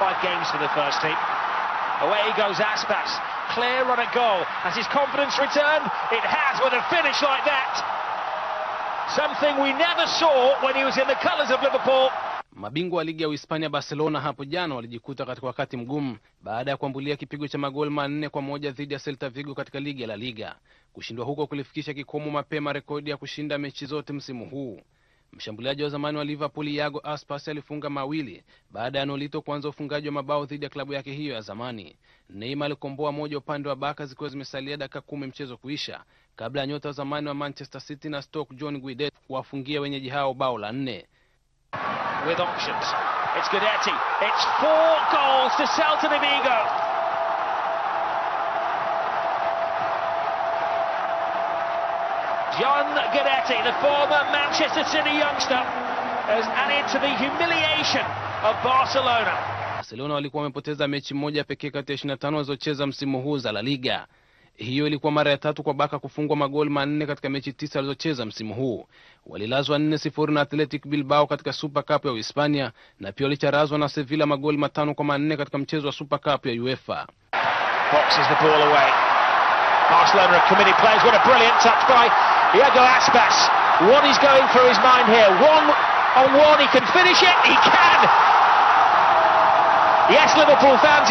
five games for the first team. Away he goes Aspas, clear on a goal. Has his confidence returned? It has with a finish like that. Something we never saw when he was in the colours of Liverpool. Mabingwa wa ligi ya Uhispania Barcelona hapo jana walijikuta katika wakati mgumu baada ya kuambulia kipigo cha magoli manne kwa moja dhidi ya Celta Vigo katika ligi ya La Liga. Kushindwa huko kulifikisha kikomo mapema rekodi ya kushinda mechi zote msimu huu. Mshambuliaji wa zamani wa Liverpool yago Aspas alifunga mawili baada ya Nolito kuanza ufungaji wa mabao dhidi ya klabu yake hiyo ya zamani. Neymar alikomboa moja upande wa baka zikiwa zimesalia dakika kumi mchezo kuisha, kabla ya nyota wa zamani wa Manchester City na Stoke John Guidetti kuwafungia wenyeji hao bao la nne. With options. It's Guidetti. It's four goals to Celta de Vigo. John Guidetti, the former Manchester City youngster, has added to the humiliation of Barcelona. Barcelona walikuwa wamepoteza mechi moja pekee kati ya 25 walizocheza msimu huu za La Liga. Hiyo ilikuwa mara ya tatu kwa Baka kufungwa magoli manne katika mechi tisa walizocheza msimu huu. Walilazwa 4 sifuri na Athletic Bilbao katika Super Cup ya Uhispania na pia walicharazwa na Sevilla magoli matano kwa manne katika mchezo wa Super Cup ya UEFA. Boxes the ball away. Barcelona committee players. What a brilliant touch by Diego Aspas, what is going through his mind here? One on one, he can finish it, he can! Yes, Liverpool fans.